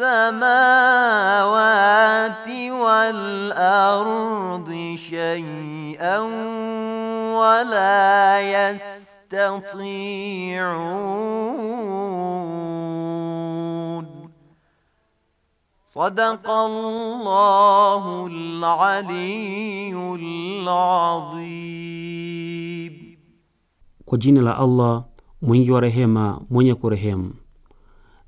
السماوات والأرض شيئا ولا يستطيعون صدق الله العلي العظيم kwa الله la Allah mwingi wa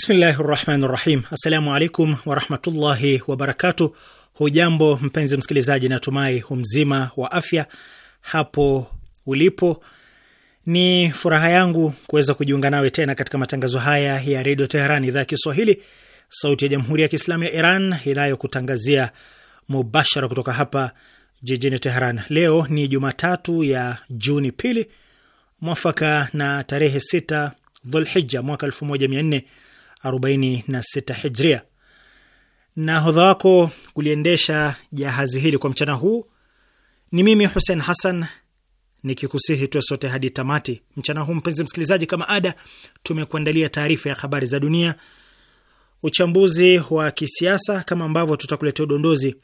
Bismillahi rahmani rahim. Assalamu alaikum warahmatullahi wabarakatu. Hujambo mpenzi msikilizaji, natumai umzima wa afya hapo ulipo. Ni furaha yangu kuweza kujiunga nawe tena katika matangazo haya ya redio Teheran, idhaa ya Kiswahili, sauti ya jamhuri ya kiislamu ya Iran inayokutangazia mubashara kutoka hapa jijini Teheran. Leo ni Jumatatu ya Juni pili mwafaka na tarehe sita Dhulhija mwaka nne 46 hijria. Nahodha wako kuliendesha jahazi hili kwa mchana huu ni mimi Hussein Hassan, nikikusihi tuwe sote hadi tamati mchana huu. Mpenzi msikilizaji, kama ada, tumekuandalia taarifa ya habari za dunia, uchambuzi wa kisiasa, kama ambavyo tutakuletea udondozi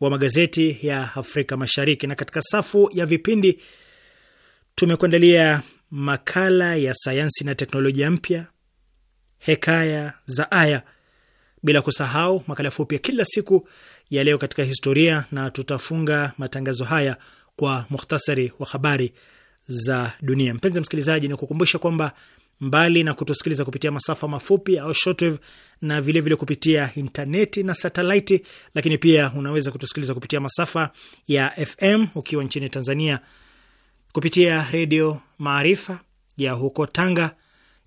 wa magazeti ya Afrika Mashariki, na katika safu ya vipindi tumekuandalia makala ya sayansi na teknolojia mpya, hekaya za aya, bila kusahau makala fupi ya kila siku ya leo katika historia, na tutafunga matangazo haya kwa mukhtasari wa habari za dunia. Mpenzi msikilizaji, ni kukumbusha kwamba mbali na kutusikiliza kupitia masafa mafupi au shortwave na vilevile vile kupitia intaneti na satelaiti, lakini pia unaweza kutusikiliza kupitia masafa ya FM ukiwa nchini Tanzania kupitia Redio Maarifa ya huko Tanga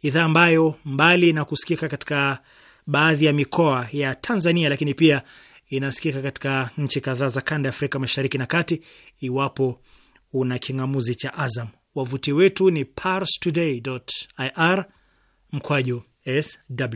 idhaa ambayo mbali na kusikika katika baadhi ya mikoa ya Tanzania, lakini pia inasikika katika nchi kadhaa za kanda ya Afrika Mashariki na Kati, iwapo una king'amuzi cha Azam. Wavuti wetu ni parstoday.ir mkwaju sw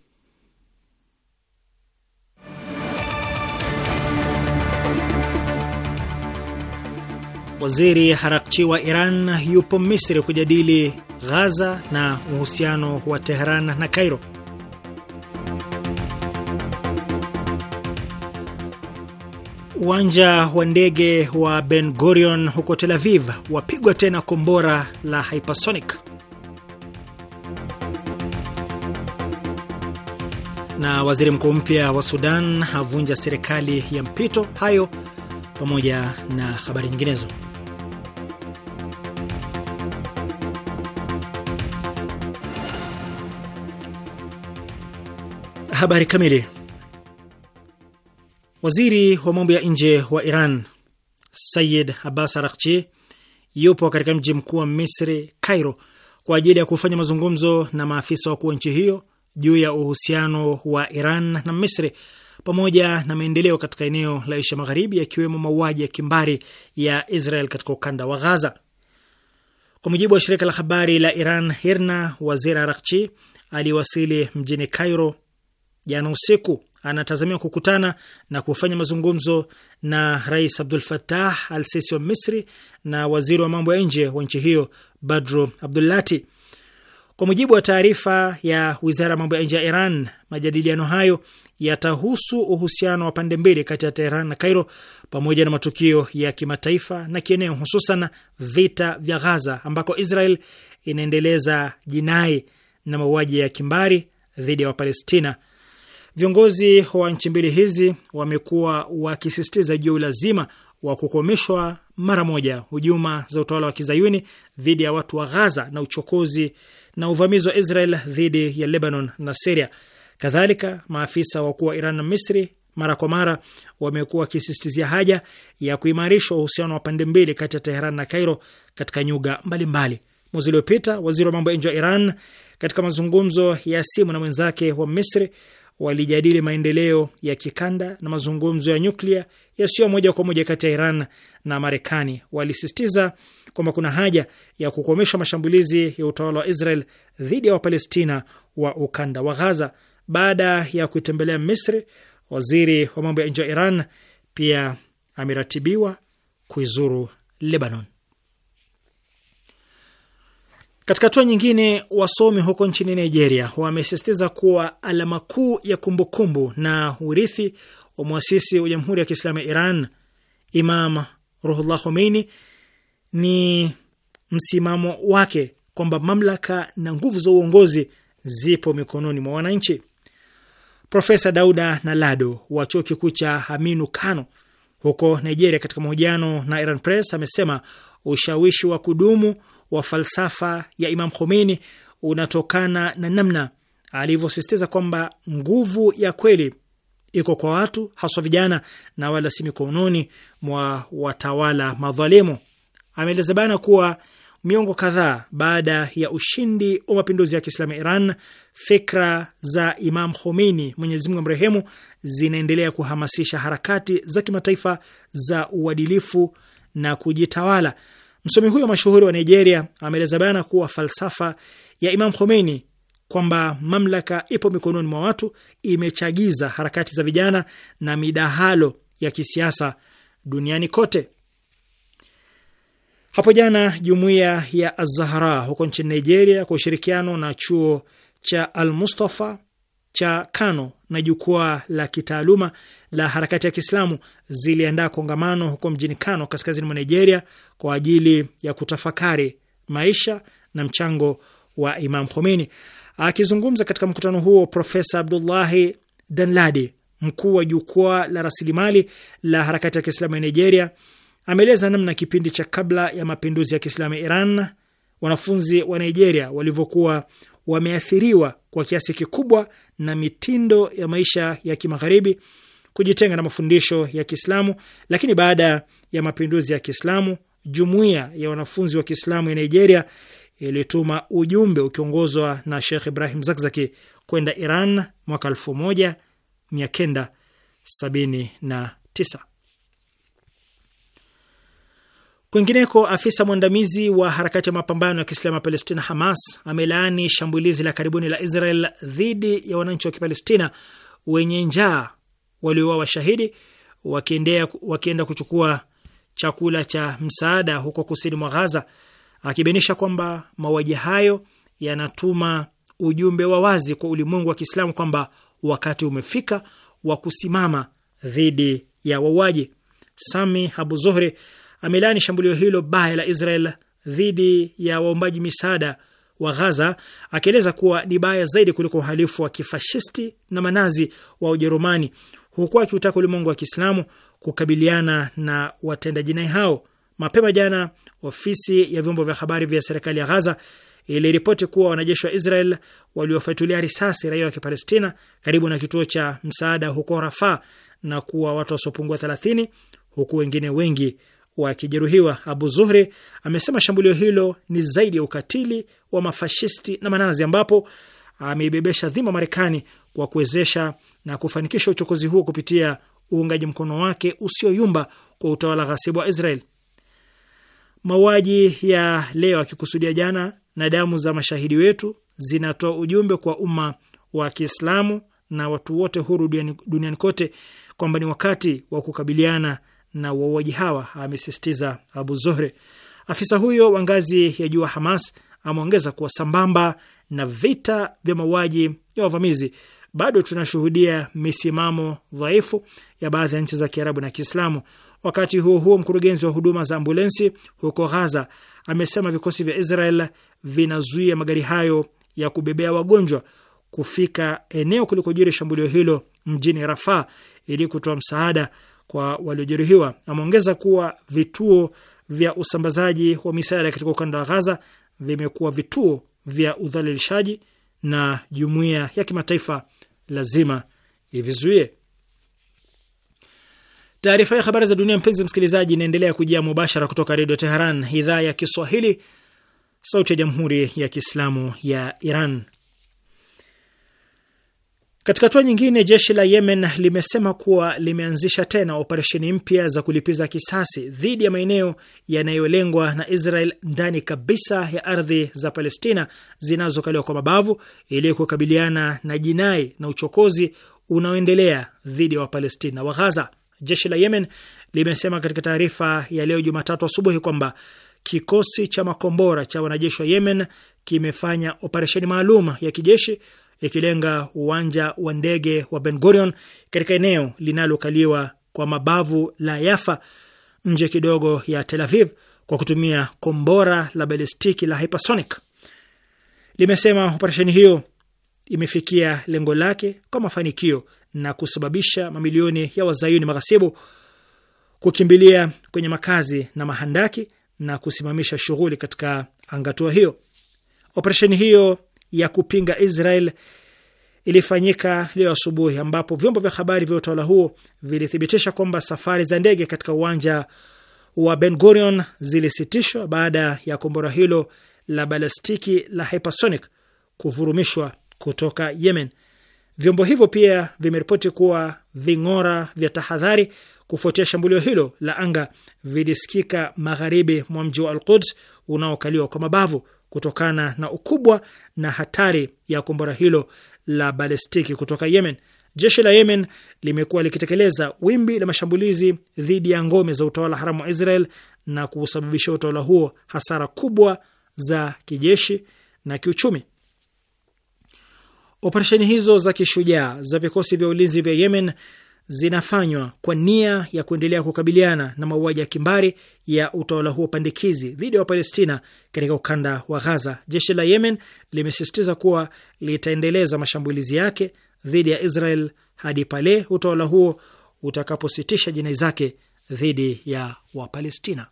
Waziri Harakchi wa Iran yupo Misri kujadili Ghaza na uhusiano wa teheran na Kairo. Uwanja wa ndege wa Ben Gurion huko Tel Aviv wapigwa tena kombora la hypersonic. Na waziri mkuu mpya wa Sudan avunja serikali ya mpito. Hayo pamoja na habari nyinginezo. Habari kamili. Waziri wa mambo ya nje wa Iran Sayid Abbas Arakchi yupo katika mji mkuu wa Misri, Cairo, kwa ajili ya kufanya mazungumzo na maafisa wakuu wa nchi hiyo juu ya uhusiano wa Iran na Misri pamoja na maendeleo katika eneo la Asia Magharibi, yakiwemo mauaji ya kimbari ya Israel katika ukanda wa Ghaza. Kwa mujibu wa shirika la habari la Iran Hirna, waziri Arakchi aliwasili mjini Cairo jana usiku. Anatazamiwa kukutana na kufanya mazungumzo na Rais Abdul fatah Al Sisi wa Misri na waziri wa mambo ya nje wa nchi hiyo Badru Abdulati. Kwa mujibu wa taarifa ya wizara ya mambo ya nje ya Iran, majadiliano hayo yatahusu uhusiano wa pande mbili kati ya Teheran na Kairo pamoja na matukio ya kimataifa na kieneo, hususan vita vya Ghaza ambako Israel inaendeleza jinai na mauaji ya kimbari dhidi ya Wapalestina Viongozi wa nchi mbili hizi wamekuwa wakisisitiza juu lazima wa kukomeshwa mara moja hujuma za utawala wa kizayuni dhidi ya watu wa Ghaza na uchokozi na uvamizi wa Israel dhidi ya Lebanon na Siria. Kadhalika, maafisa wakuu wa Iran na Misri mara kwa mara wamekuwa wakisistizia haja ya kuimarishwa uhusiano wa pande mbili kati ya Teheran na Cairo katika nyuga mbalimbali. Mwezi uliopita, waziri wa mambo ya nje wa Iran katika mazungumzo ya simu na mwenzake wa Misri walijadili maendeleo ya kikanda na mazungumzo ya nyuklia yasiyo moja kwa moja kati ya Iran na Marekani. Walisisitiza kwamba kuna haja ya kukomesha mashambulizi ya utawala wa Israel dhidi ya Wapalestina wa ukanda wa Ghaza. Baada ya kuitembelea Misri, waziri wa mambo ya nje wa Iran pia ameratibiwa kuizuru Lebanon. Katika hatua nyingine, wasomi huko nchini Nigeria wamesisitiza kuwa alama kuu ya kumbukumbu kumbu na urithi wa mwasisi wa Jamhuri ya Kiislamu ya Iran Imam Ruhullah Khomeini ni msimamo wake kwamba mamlaka na nguvu za uongozi zipo mikononi mwa wananchi. Profesa Dauda Nalado wa chuo kikuu cha Aminu Kano huko Nigeria, katika mahojiano na Iran Press amesema ushawishi wa kudumu wa falsafa ya Imam Khomeini unatokana na namna alivyosisitiza kwamba nguvu ya kweli iko kwa watu, haswa vijana, na wala si mikononi mwa watawala madhalimu. Ameeleza bana kuwa miongo kadhaa baada ya ushindi wa mapinduzi ya Kiislamu ya Iran, fikra za Imam Khomeini, Mwenyezi Mungu amrehemu, zinaendelea kuhamasisha harakati za kimataifa za uadilifu na kujitawala. Msomi huyo mashuhuri wa Nigeria ameeleza bayana kuwa falsafa ya Imam Khomeini kwamba mamlaka ipo mikononi mwa watu imechagiza harakati za vijana na midahalo ya kisiasa duniani kote. Hapo jana jumuiya ya Azahara huko nchini Nigeria kwa ushirikiano na chuo cha Al Mustafa cha Kano na jukwaa la kitaaluma la harakati ya Kiislamu ziliandaa kongamano huko mjini Kano, kaskazini mwa Nigeria, kwa ajili ya kutafakari maisha na mchango wa Imam Khomeini. Akizungumza katika mkutano huo, Profesa Abdullahi Danladi, mkuu wa jukwaa la rasilimali la harakati ya Kiislamu ya Nigeria, ameeleza namna kipindi cha kabla ya mapinduzi ya Kiislamu ya Iran wanafunzi wa Nigeria walivyokuwa wameathiriwa kwa kiasi kikubwa na mitindo ya maisha ya kimagharibi, kujitenga na mafundisho ya Kiislamu. Lakini baada ya mapinduzi ya Kiislamu, jumuiya ya wanafunzi wa Kiislamu ya Nigeria ilituma ujumbe ukiongozwa na Sheikh Ibrahim Zakzaki kwenda Iran mwaka 1979. Kwingineko, afisa mwandamizi wa harakati ya mapambano ya Kiislamu ya Palestina, Hamas, amelaani shambulizi la karibuni la Israel dhidi ya wananchi wa Kipalestina wenye njaa waliouawa washahidi wakienda kuchukua chakula cha msaada huko kusini mwa Ghaza, akibainisha kwamba mauaji hayo yanatuma ujumbe wa wazi kwa ulimwengu wa Kiislamu kwamba wakati umefika wa kusimama dhidi ya wauaji. Sami Abu Zuhri amelaani shambulio hilo baya la Israel dhidi ya waombaji misaada wa Ghaza, akieleza kuwa ni baya zaidi kuliko uhalifu wa kifashisti na manazi wa Ujerumani, huku akiutaka ulimwengu wa Kiislamu kukabiliana na watenda jinai hao. Mapema jana, ofisi ya vyombo vya habari vya serikali ya Ghaza iliripoti kuwa wanajeshi wa Israel waliofyatulia risasi raia wa Kipalestina karibu na kituo cha msaada huko Rafaa na kuwa watu wasiopungua 30 huku wengine wengi wakijeruhiwa. Abu Zuhri amesema shambulio hilo ni zaidi ya ukatili wa mafashisti na manazi, ambapo ameibebesha dhima Marekani kwa kuwezesha na kufanikisha uchokozi huo kupitia uungaji mkono wake usioyumba kwa utawala ghasibu wa Israel. Mauaji ya leo akikusudia jana na damu za mashahidi wetu zinatoa ujumbe kwa umma wa Kiislamu na watu wote huru duniani kote kwamba ni wakati wa kukabiliana na wauaji hawa, amesisitiza Abu Zuhri. Afisa huyo wa ngazi ya juu wa Hamas ameongeza kuwa sambamba na vita vya mauaji ya wavamizi, bado tunashuhudia misimamo dhaifu ya baadhi ya nchi za Kiarabu na Kiislamu. Wakati huo huo, mkurugenzi wa huduma za ambulensi huko Ghaza amesema vikosi vya Israel vinazuia magari hayo ya kubebea wagonjwa kufika eneo kulikojiri shambulio hilo mjini Rafaa ili kutoa msaada kwa waliojeruhiwa. Ameongeza kuwa vituo vya usambazaji wa misaada katika ukanda wa Ghaza vimekuwa vituo vya udhalilishaji na jumuiya ya kimataifa lazima ivizuie. Taarifa ya habari za dunia, mpenzi msikilizaji, inaendelea kujia mubashara kutoka Redio Teheran, idhaa ya Kiswahili, sauti ya jamhuri ya kiislamu ya Iran. Katika hatua nyingine, jeshi la Yemen limesema kuwa limeanzisha tena operesheni mpya za kulipiza kisasi dhidi ya maeneo yanayolengwa na Israel ndani kabisa ya ardhi za Palestina zinazokaliwa kwa mabavu ili kukabiliana na jinai na uchokozi unaoendelea dhidi ya Wapalestina wa Ghaza. Jeshi la Yemen limesema katika taarifa ya leo Jumatatu asubuhi kwamba kikosi cha makombora cha wanajeshi wa Yemen kimefanya operesheni maalum ya kijeshi ikilenga uwanja wa ndege wa Ben Gurion katika eneo linalokaliwa kwa mabavu la Yafa nje kidogo ya Tel Aviv kwa kutumia kombora la balistiki la hypersonic. Limesema operesheni hiyo imefikia lengo lake kwa mafanikio na kusababisha mamilioni ya wazayuni maghasibu kukimbilia kwenye makazi na mahandaki na kusimamisha shughuli katika angatua hiyo. Operesheni hiyo ya kupinga Israel ilifanyika leo asubuhi, ambapo vyombo vya habari vya utawala huo vilithibitisha kwamba safari za ndege katika uwanja wa Ben Gurion zilisitishwa baada ya kombora hilo la balastiki la hypersonic kuvurumishwa kutoka Yemen. Vyombo hivyo pia vimeripoti kuwa ving'ora vya tahadhari kufuatia shambulio hilo la anga vilisikika magharibi mwa mji wa Al Quds unaokaliwa kwa mabavu kutokana na ukubwa na hatari ya kombora hilo la balestiki kutoka Yemen. Jeshi la Yemen limekuwa likitekeleza wimbi la mashambulizi dhidi ya ngome za utawala haramu wa Israel na kusababisha utawala huo hasara kubwa za kijeshi na kiuchumi. Operesheni hizo za kishujaa za vikosi vya ulinzi vya Yemen zinafanywa kwa nia ya kuendelea kukabiliana na mauaji ya kimbari ya utawala huo pandikizi dhidi ya Wapalestina katika ukanda wa Ghaza. Jeshi la Yemen limesisitiza kuwa litaendeleza mashambulizi yake dhidi ya Israel hadi pale utawala huo utakapositisha jinai zake dhidi ya Wapalestina.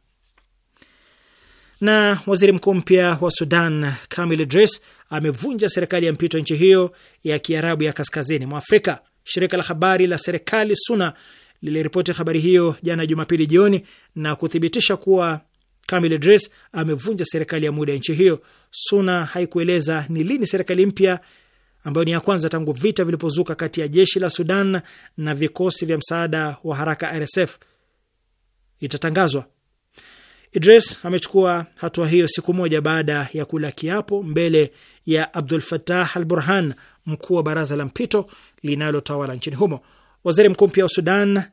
Na waziri mkuu mpya wa Sudan Kamil Idris amevunja serikali ya mpito nchi hiyo ya Kiarabu ya kaskazini mwa Afrika. Shirika la habari la serikali Suna liliripoti habari hiyo jana Jumapili jioni na kuthibitisha kuwa Kamil Idris amevunja serikali ya muda ya nchi hiyo. Suna haikueleza ni lini serikali mpya ambayo ni ya kwanza tangu vita vilipozuka kati ya jeshi la Sudan na vikosi vya msaada wa haraka RSF itatangazwa. Idris amechukua hatua hiyo siku moja baada ya kula kiapo mbele ya Abdul Fatah al Burhan, mkuu wa baraza la mpito linalotawala nchini humo. Waziri mkuu mpya wa Sudan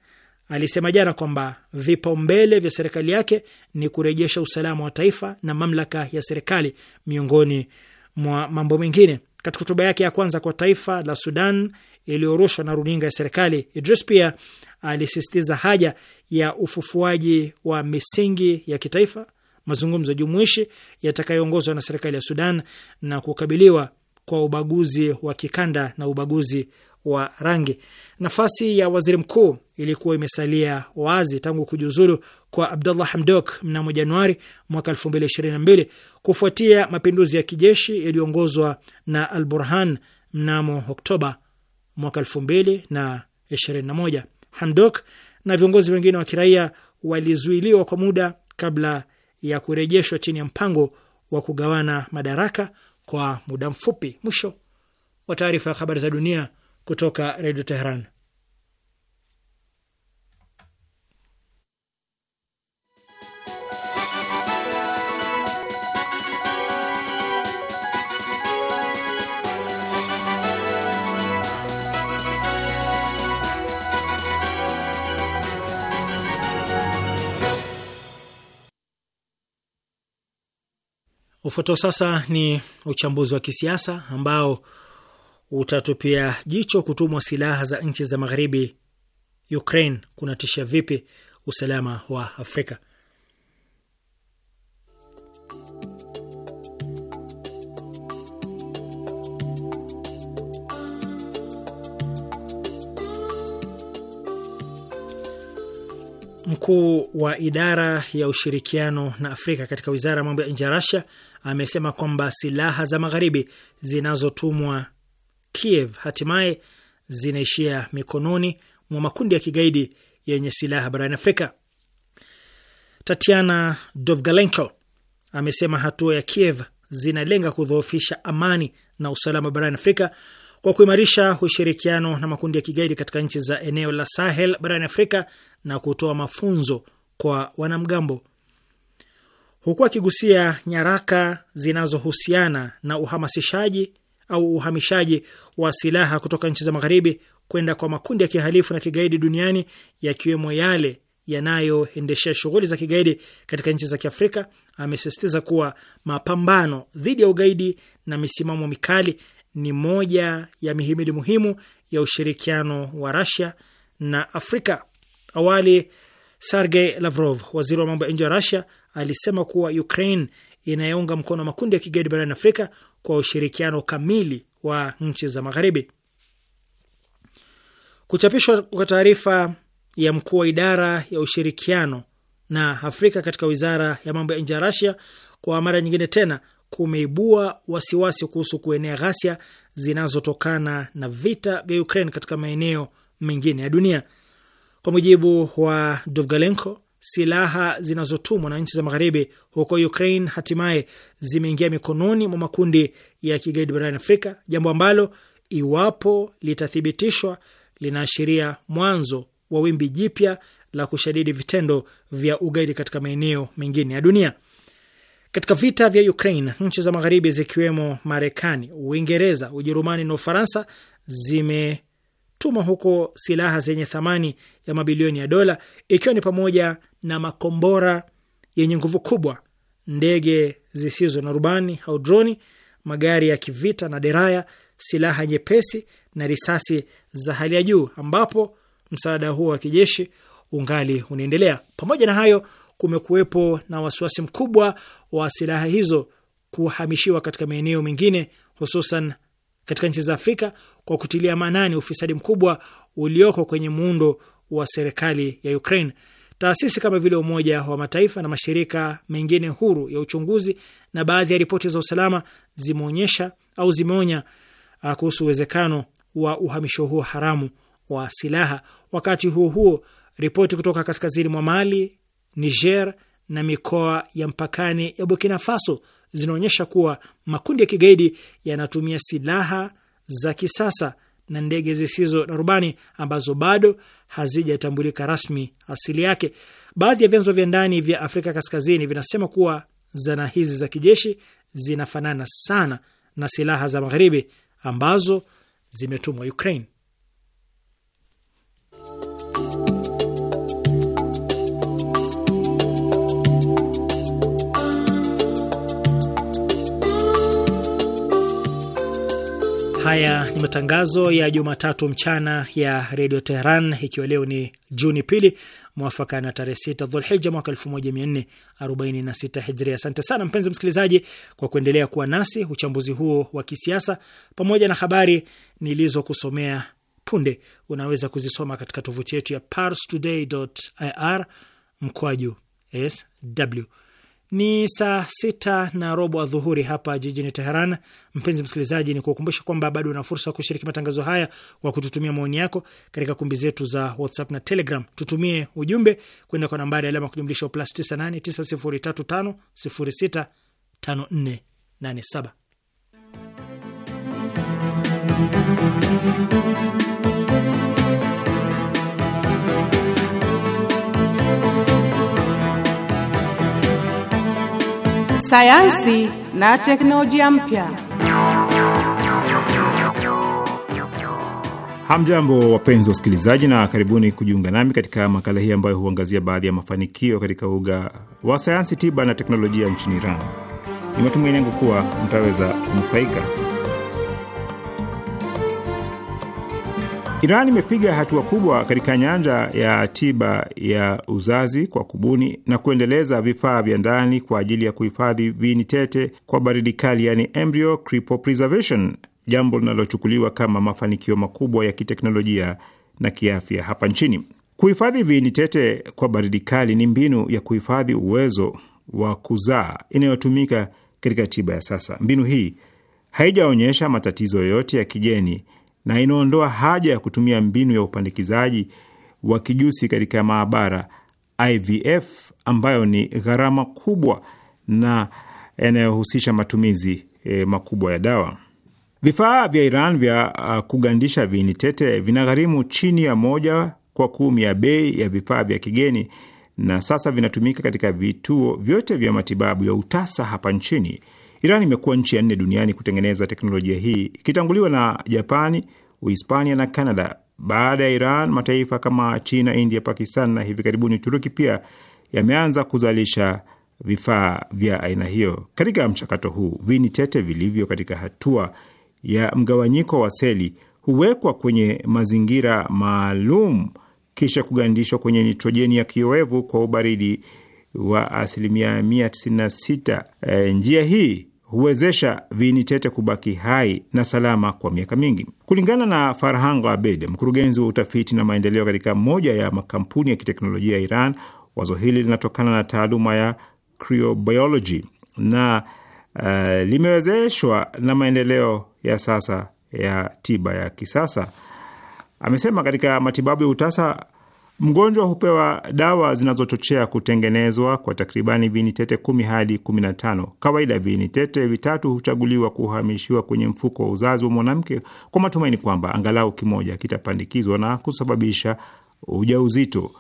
alisema jana kwamba vipaumbele vya serikali yake ni kurejesha usalama wa taifa na mamlaka ya serikali miongoni mwa mambo mengine. Katika hotuba yake ya kwanza kwa taifa la Sudan iliyorushwa na runinga ya serikali, Idris pia alisisitiza haja ya ufufuaji wa misingi ya kitaifa, mazungumzo jumuishi yatakayoongozwa na serikali ya Sudan na kukabiliwa kwa ubaguzi wa kikanda na ubaguzi wa rangi. Nafasi ya waziri mkuu ilikuwa imesalia wazi tangu kujiuzulu kwa Abdullah Hamdok mnamo Januari mwaka 2022 kufuatia mapinduzi ya kijeshi yaliyoongozwa na Al Burhan mnamo Oktoba mwaka 2021. Hamdok na viongozi wengine wa kiraia walizuiliwa kwa muda kabla ya kurejeshwa chini ya mpango wa kugawana madaraka kwa muda mfupi. Mwisho wa taarifa ya habari za dunia kutoka Redio Teheran. Ufuatao sasa ni uchambuzi wa kisiasa ambao utatupia jicho kutumwa silaha za nchi za magharibi Ukraine kunatisha vipi usalama wa Afrika. Mkuu wa idara ya ushirikiano na Afrika katika wizara ya mambo ya nje ya Rasia amesema kwamba silaha za magharibi zinazotumwa Kiev hatimaye zinaishia mikononi mwa makundi ya kigaidi yenye silaha barani Afrika. Tatiana Dovgalenko amesema hatua ya Kiev zinalenga kudhoofisha amani na usalama barani Afrika kwa kuimarisha ushirikiano na makundi ya kigaidi katika nchi za eneo la Sahel barani Afrika na kutoa mafunzo kwa wanamgambo, huku akigusia nyaraka zinazohusiana na uhamasishaji au uhamishaji wa silaha kutoka nchi za magharibi kwenda kwa makundi ya kihalifu na kigaidi duniani yakiwemo yale yanayoendeshea shughuli za kigaidi katika nchi za Kiafrika. Amesisitiza kuwa mapambano dhidi ya ugaidi na misimamo mikali ni moja ya mihimili muhimu ya ushirikiano wa Rasia na Afrika. Awali, Sergey Lavrov, waziri wa mambo ya nje wa Rasia, alisema kuwa Ukraine inayounga mkono makundi ya kigaidi barani Afrika kwa ushirikiano kamili wa nchi za Magharibi. Kuchapishwa kwa taarifa ya mkuu wa idara ya ushirikiano na Afrika katika wizara ya mambo ya nje ya Rasia kwa mara nyingine tena kumeibua wasiwasi kuhusu kuenea ghasia zinazotokana na vita vya Ukraine katika maeneo mengine ya dunia. Kwa mujibu wa Dovgalenko, silaha zinazotumwa na nchi za magharibi huko Ukraine hatimaye zimeingia mikononi mwa makundi ya kigaidi barani Afrika, jambo ambalo iwapo litathibitishwa linaashiria mwanzo wa wimbi jipya la kushadidi vitendo vya ugaidi katika maeneo mengine ya dunia. Katika vita vya Ukraine, nchi za magharibi zikiwemo Marekani, Uingereza, Ujerumani na Ufaransa zime tuma huko silaha zenye thamani ya mabilioni ya dola, ikiwa ni pamoja na makombora yenye nguvu kubwa, ndege zisizo na rubani au droni, magari ya kivita na deraya, silaha nyepesi na risasi za hali ya juu, ambapo msaada huo wa kijeshi ungali unaendelea. Pamoja na hayo, kumekuwepo na wasiwasi mkubwa wa silaha hizo kuhamishiwa katika maeneo mengine, hususan katika nchi za Afrika, kwa kutilia maanani ufisadi mkubwa ulioko kwenye muundo wa serikali ya Ukraine. Taasisi kama vile Umoja wa Mataifa na mashirika mengine huru ya uchunguzi na baadhi ya ripoti za usalama zimeonyesha au zimeonya uh, kuhusu uwezekano wa uhamisho huo haramu wa silaha. Wakati huo huo, ripoti kutoka kaskazini mwa Mali, Niger na mikoa ya mpakani ya Burkina Faso zinaonyesha kuwa makundi ya kigaidi yanatumia silaha za kisasa na ndege zisizo na rubani ambazo bado hazijatambulika rasmi asili yake. Baadhi ya vyanzo vya ndani vya Afrika Kaskazini vinasema kuwa zana hizi za kijeshi zinafanana sana na silaha za magharibi ambazo zimetumwa Ukraine. Haya ni matangazo ya Jumatatu mchana ya redio Teheran, ikiwa leo ni Juni pili mwafaka na tarehe sita Dhulhija mwaka 1446 Hijria. Asante sana mpenzi msikilizaji kwa kuendelea kuwa nasi. Uchambuzi huo wa kisiasa pamoja na habari nilizokusomea punde unaweza kuzisoma katika tovuti yetu ya parstoday.ir mkwaju sw ni saa sita na robo adhuhuri hapa jijini Teheran. Mpenzi msikilizaji, ni kukumbusha kwamba bado una fursa ya kushiriki matangazo haya kwa kututumia maoni yako katika kumbi zetu za WhatsApp na Telegram. Tutumie ujumbe kwenda kwa nambari alama kujumlisha plus 98 9035 06 sayansi na teknolojia mpya. Hamjambo, wapenzi wasikilizaji, na karibuni kujiunga nami katika makala hii ambayo huangazia baadhi ya mafanikio katika uga wa sayansi tiba na teknolojia nchini Iran. Ni matumaini yangu kuwa mtaweza kunufaika. Iran imepiga hatua kubwa katika nyanja ya tiba ya uzazi kwa kubuni na kuendeleza vifaa vya ndani kwa ajili ya kuhifadhi viini tete kwa baridi kali, yani embryo cryopreservation, jambo linalochukuliwa kama mafanikio makubwa ya kiteknolojia na kiafya hapa nchini. Kuhifadhi viini tete kwa baridi kali ni mbinu ya kuhifadhi uwezo wa kuzaa inayotumika katika tiba ya sasa. Mbinu hii haijaonyesha matatizo yoyote ya kijeni na inaondoa haja ya kutumia mbinu ya upandikizaji wa kijusi katika maabara IVF ambayo ni gharama kubwa na yanayohusisha matumizi e, makubwa ya dawa. Vifaa vya Iran vya kugandisha viini tete vinagharimu chini ya moja kwa kumi ya bei ya vifaa vya kigeni na sasa vinatumika katika vituo vyote vya matibabu ya utasa hapa nchini. Iran imekuwa nchi ya nne duniani kutengeneza teknolojia hii ikitanguliwa na Japani, Uhispania na canada Baada ya Iran, mataifa kama China, India, Pakistan na hivi karibuni Uturuki pia yameanza kuzalisha vifaa vya aina hiyo. Katika mchakato huu, vini tete vilivyo katika hatua ya mgawanyiko wa seli huwekwa kwenye mazingira maalum kisha kugandishwa kwenye nitrojeni ya kiowevu kwa ubaridi wa asilimia 196. E, eh, njia hii huwezesha viini tete kubaki hai na salama kwa miaka mingi. Kulingana na Farhang Abed, mkurugenzi wa utafiti na maendeleo katika moja ya makampuni ya kiteknolojia ya Iran, wazo hili linatokana na taaluma ya cryobiology na uh, limewezeshwa na maendeleo ya sasa ya tiba ya kisasa. Amesema katika matibabu ya utasa Mgonjwa hupewa dawa zinazochochea kutengenezwa kwa takribani viini tete kumi hadi kumi na tano. Kawaida viini tete vitatu huchaguliwa kuhamishiwa kwenye mfuko wa uzazi wa mwanamke kwa matumaini kwamba angalau kimoja kitapandikizwa na kusababisha ujauzito.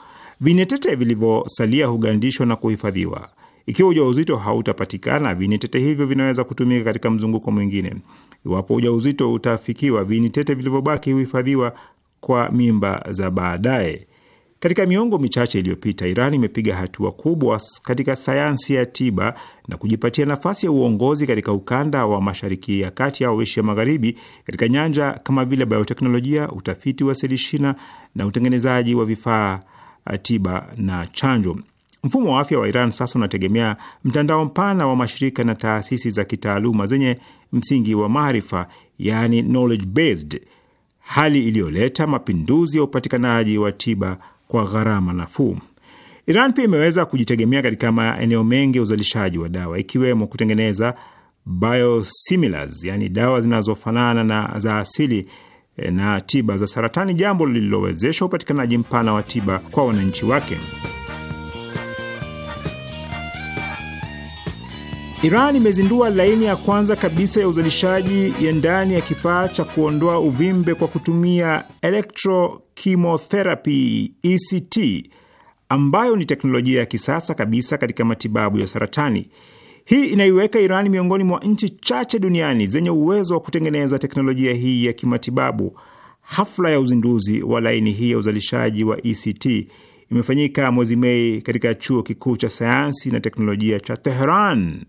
Viini tete vilivyosalia hugandishwa na kuhifadhiwa. Ikiwa ujauzito hautapatikana, viini tete hivyo vinaweza kutumika katika mzunguko mwingine. Iwapo ujauzito utafikiwa, viini tete vilivyobaki huhifadhiwa kwa mimba za baadaye. Katika miongo michache iliyopita, Iran imepiga hatua kubwa katika sayansi ya tiba na kujipatia nafasi ya uongozi katika ukanda wa Mashariki ya Kati au Asia Magharibi katika nyanja kama vile bioteknolojia, utafiti wa selishina na utengenezaji wa vifaa tiba na chanjo. Mfumo wa afya wa Iran sasa unategemea mtandao mpana wa mashirika na taasisi za kitaaluma zenye msingi wa maarifa, yani knowledge based, hali iliyoleta mapinduzi ya upatikanaji wa tiba kwa gharama nafuu. Iran pia imeweza kujitegemea katika maeneo mengi ya uzalishaji wa dawa ikiwemo kutengeneza biosimilars, yani dawa zinazofanana na za asili eh, na tiba za saratani, jambo lililowezesha upatikanaji mpana wa tiba kwa wananchi wake. Iran imezindua laini ya kwanza kabisa ya uzalishaji ya ndani ya kifaa cha kuondoa uvimbe kwa kutumia electrochemotherapy ECT ambayo ni teknolojia ya kisasa kabisa katika matibabu ya saratani. Hii inaiweka Iran miongoni mwa nchi chache duniani zenye uwezo wa kutengeneza teknolojia hii ya kimatibabu. Hafla ya uzinduzi wa laini hii ya uzalishaji wa ECT imefanyika mwezi Mei katika chuo kikuu cha sayansi na teknolojia cha Teheran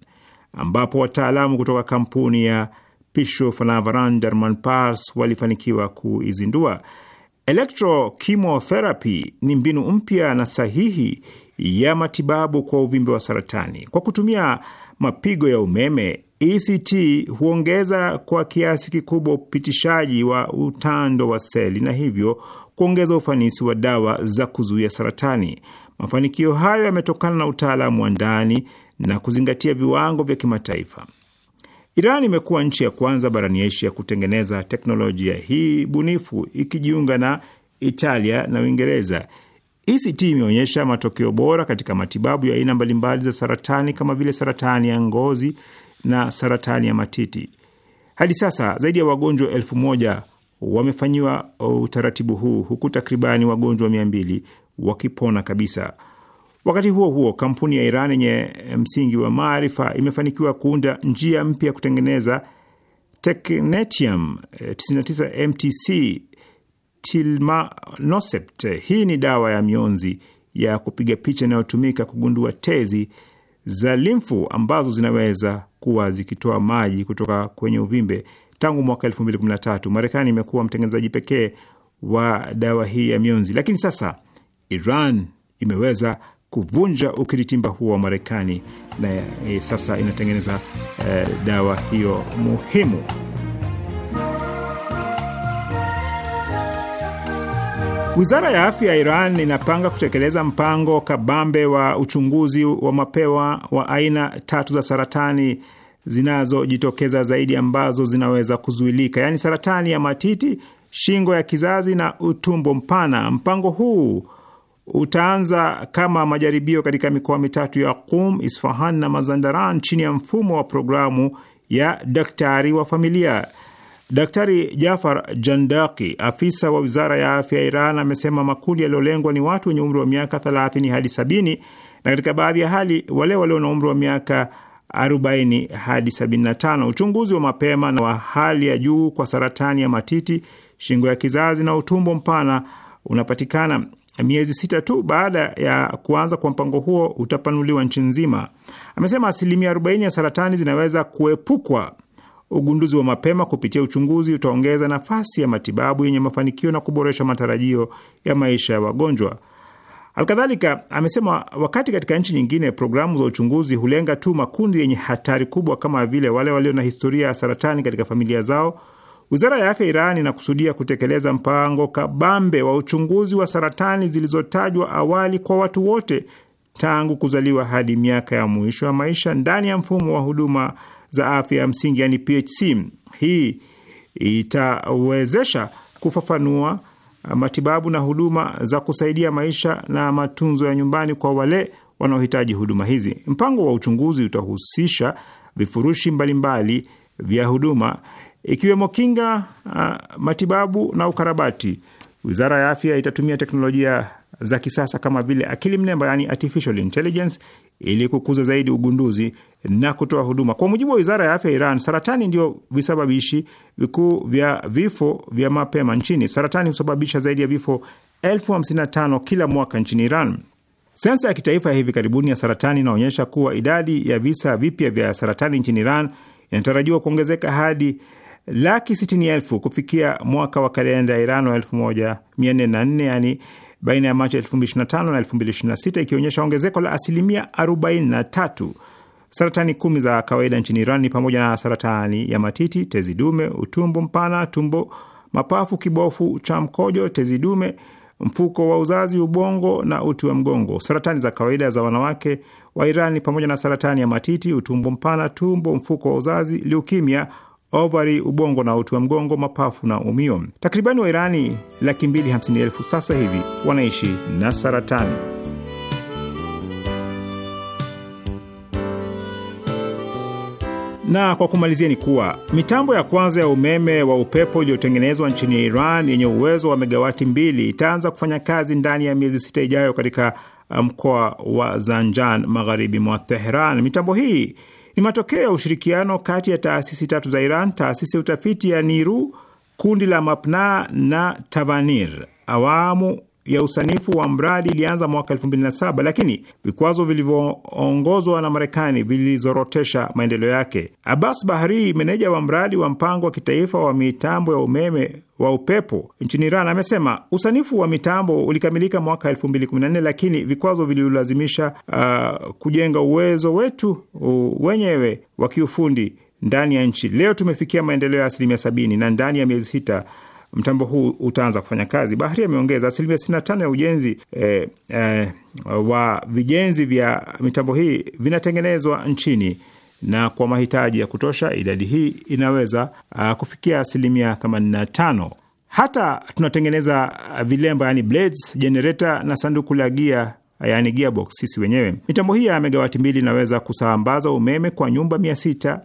ambapo wataalamu kutoka kampuni ya Pichu Fanavaran German Pars walifanikiwa kuizindua. Electrochemotherapy ni mbinu mpya na sahihi ya matibabu kwa uvimbe wa saratani kwa kutumia mapigo ya umeme. ECT huongeza kwa kiasi kikubwa upitishaji wa utando wa seli na hivyo kuongeza ufanisi wa dawa za kuzuia saratani. Mafanikio hayo yametokana na utaalamu wa ndani na kuzingatia viwango vya kimataifa. Iran imekuwa nchi ya kwanza barani Asia kutengeneza teknolojia hii bunifu ikijiunga na Italia na Uingereza. ECT imeonyesha matokeo bora katika matibabu ya aina mbalimbali za saratani kama vile saratani ya ngozi na saratani ya matiti. Hadi sasa zaidi ya wagonjwa elfu moja wamefanyiwa uh, utaratibu huu huku takribani wagonjwa mia mbili wakipona kabisa. Wakati huo huo, kampuni ya Iran yenye msingi wa maarifa imefanikiwa kuunda njia mpya ya kutengeneza technetium 99 eh, mtc tilmanosept. Hii ni dawa ya mionzi ya kupiga picha inayotumika kugundua tezi za limfu ambazo zinaweza kuwa zikitoa maji kutoka kwenye uvimbe. Tangu mwaka 2013 Marekani imekuwa mtengenezaji pekee wa dawa hii ya mionzi, lakini sasa Iran imeweza kuvunja ukiritimba huo wa Marekani na e, sasa inatengeneza e, dawa hiyo muhimu. Wizara ya afya ya Iran inapanga kutekeleza mpango kabambe wa uchunguzi wa mapema wa aina tatu za saratani zinazojitokeza zaidi ambazo zinaweza kuzuilika, yaani saratani ya matiti, shingo ya kizazi na utumbo mpana. Mpango huu utaanza kama majaribio katika mikoa mitatu ya Qum, Isfahan na Mazandaran chini ya mfumo wa programu ya daktari wa familia. Daktari Jafar Jandaki, afisa wa wizara ya afya ya Iran, amesema makundi yaliyolengwa ni watu wenye umri wa miaka 30 hadi 70 na katika baadhi ya hali wale walio na umri wa miaka 40 hadi 75. Uchunguzi wa mapema na wa hali ya juu kwa saratani ya matiti, shingo ya kizazi na utumbo mpana unapatikana miezi sita tu baada ya kuanza kwa mpango huo utapanuliwa nchi nzima. Amesema asilimia 40 ya saratani zinaweza kuepukwa. Ugunduzi wa mapema kupitia uchunguzi utaongeza nafasi ya matibabu yenye mafanikio na kuboresha matarajio ya maisha ya wagonjwa. Alkadhalika amesema wakati katika nchi nyingine programu za uchunguzi hulenga tu makundi yenye hatari kubwa kama vile wale walio na historia ya saratani katika familia zao Wizara ya afya Iran inakusudia kutekeleza mpango kabambe wa uchunguzi wa saratani zilizotajwa awali kwa watu wote tangu kuzaliwa hadi miaka ya mwisho ya maisha ndani ya mfumo wa huduma za afya ya msingi, yani PHC. Hii itawezesha kufafanua matibabu na huduma za kusaidia maisha na matunzo ya nyumbani kwa wale wanaohitaji huduma hizi. Mpango wa uchunguzi utahusisha vifurushi mbalimbali vya huduma ikiwemo kinga, uh, matibabu na ukarabati. Wizara ya afya itatumia teknolojia za kisasa kama vile akili mnemba, yani artificial intelligence, ili kukuza zaidi ugunduzi na kutoa huduma. Kwa mujibu wa wizara ya afya Iran, saratani ndio visababishi vikuu vya vifo vya mapema nchini. Saratani husababisha zaidi ya vifo elfu hamsini na tano kila mwaka nchini Iran. Sensa ya kitaifa ya hivi karibuni ya saratani inaonyesha kuwa idadi ya visa vipya vya saratani nchini Iran inatarajiwa kuongezeka hadi laki sitini elfu kufikia mwaka wa kalenda ya Iran wa elfu moja mia nne na nne yani baina ya Machi elfu mbili 2025 na tano na na elfu mbili sita ikionyesha ongezeko la asilimia arobaini na tatu. Saratani kumi za kawaida nchini Iran ni pamoja na saratani ya matiti, tezi dume, utumbo mpana, tumbo, mapafu, kibofu cha mkojo, tezi dume, mfuko wa uzazi, ubongo na uti wa mgongo. Saratani za kawaida za wanawake wa Iran ni pamoja na saratani ya matiti, utumbo mpana, tumbo, mfuko wa uzazi, leukemia, ovari, ubongo na uti wa mgongo, mapafu na umio. Takribani Wairani laki mbili hamsini elfu sasa hivi wanaishi na saratani. Na kwa kumalizia ni kuwa mitambo ya kwanza ya umeme wa upepo iliyotengenezwa nchini Iran yenye uwezo wa megawati mbili itaanza kufanya kazi ndani ya miezi sita ijayo katika mkoa wa Zanjan magharibi mwa teheran Mitambo hii ni matokeo ya ushirikiano kati ya taasisi tatu za Iran: taasisi ya utafiti ya Niru, kundi la Mapna na Tavanir. Awamu ya usanifu wa mradi ilianza mwaka 2007 lakini vikwazo vilivyoongozwa na Marekani vilizorotesha maendeleo yake. Abbas Bahri, meneja wa mradi wa mpango wa kitaifa wa mitambo ya umeme wa upepo nchini Iran amesema usanifu wa mitambo ulikamilika mwaka 2014 lakini vikwazo vililazimisha uh, kujenga uwezo wetu uh, wenyewe wa kiufundi ndani ya nchi. Leo tumefikia maendeleo ya asilimia sabini na ndani ya miezi sita mtambo huu utaanza kufanya kazi. Bahari ameongeza asilimia sitini na tano ya ujenzi eh, eh, wa vijenzi vya mitambo hii vinatengenezwa nchini na kwa mahitaji ya kutosha idadi hii inaweza uh, kufikia asilimia 85. Hata tunatengeneza uh, vilemba, yani blades, generator na sanduku la gia uh, yani gearbox sisi wenyewe. Mitambo hii ya megawati mbili inaweza kusambaza umeme kwa nyumba mia sita.